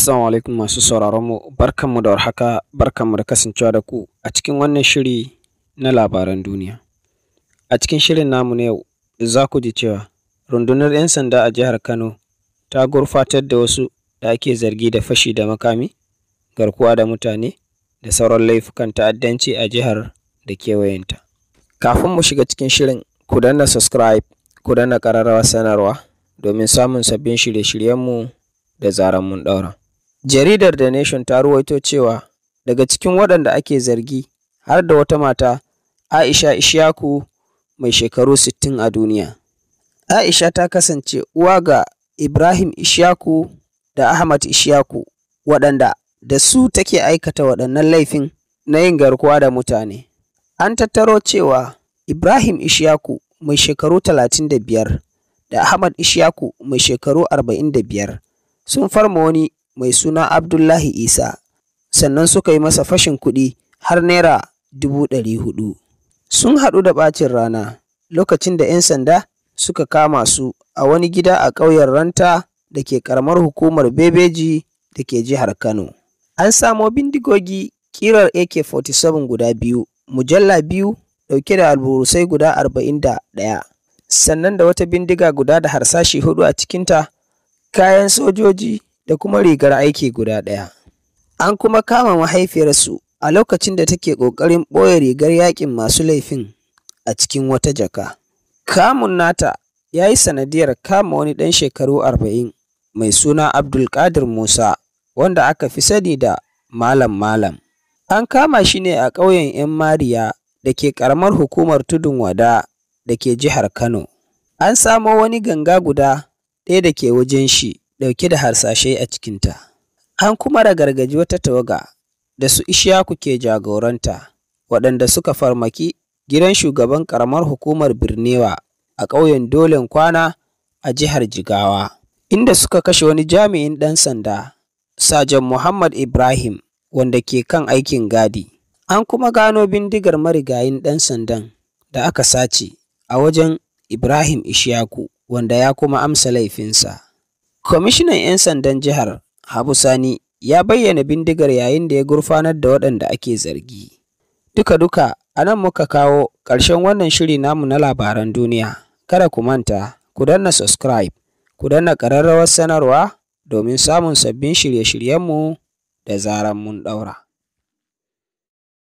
Assalamu alaikum masu sauraronmu, barkanmu da warhaka, barkanmu da kasancewa da ku a cikin wannan shiri na labaran duniya. A cikin shirin namu na yau, za ku ji cewa rundunar 'yan sanda a jihar Kano ta gurfatar da wasu da ake zargi da fashi da makami, garkuwa da mutane, da sauran laifukan ta'addanci a jihar da kewayenta. Kafin mu shiga cikin shirin, ku danna subscribe, ku danna kararrawa sanarwa domin samun sabbin shirye-shiryenmu da zaran mun ɗaura. Jaridar The Nation ta ruwaito cewa daga cikin waɗanda ake zargi har da wata mata, Aisha Ishaku mai shekaru 60 a duniya. Aisha ta kasance uwa ga Ibrahim Ishaku da Ahmad Ishaku waɗanda da su take aikata waɗannan laifin na yin garkuwa da mutane. An tattaro cewa Ibrahim Ishaku mai shekaru 35 da Ahmad Ishaku mai shekaru 45 sun farma wani mai suna Abdullahi Isa sannan suka yi masa fashin kuɗi har naira dubu ɗari hudu. Sun haɗu da ɓacin rana lokacin da 'yan sanda suka kama su a wani gida a ƙauyen Ranta da ke ƙaramar hukumar Bebeji da ke jihar Kano. An samo bindigogi ƙirar AK-47 guda biyu, mujalla biyu ɗauke da alburusai guda arba'in da ɗaya. sannan da wata bindiga guda da harsashi hudu a cikinta, kayan sojoji da kuma rigar aiki guda ɗaya. An kuma kama mahaifiyarsu a lokacin da take ƙoƙarin ɓoye rigar yaƙin masu laifin a cikin wata jaka. Kamun nata ya yi sanadiyar kama wani ɗan shekaru arba'in mai suna Abdulkadir Musa wanda aka fi sani da Malam Malam. An kama shi ne a ƙauyen 'yan Mariya da ke ƙaramar hukumar Tudun Wada da ke jihar Kano. An samo wani ganga guda ɗaya da ke wajen shi ɗauke da harsashai a cikinta. An kuma ragargaji wata tawaga da su Ishaku ke jagoranta, waɗanda suka farmaki gidan shugaban ƙaramar hukumar Birnewa a ƙauyen Dolen Kwana a jihar Jigawa, inda suka kashe wani jami'in ɗan sanda, Sajan Muhammad Ibrahim, wanda ke kan aikin gadi. An kuma gano bindigar marigayin ɗan sandan da aka sace a wajen Ibrahim Ishaku, wanda ya kuma amsa laifinsa. Kwamishinan 'yan sandan jihar Habu Sani ya bayyana bindigar yayin da ya gurfanar da waɗanda ake zargi. Duka-duka a nan muka kawo ƙarshen wannan shiri namu na labaran duniya. Kada ku manta, ku danna subscribe, ku danna ƙararrawar sanarwa domin samun sabbin shirye-shiryenmu da zaran mun ɗaura.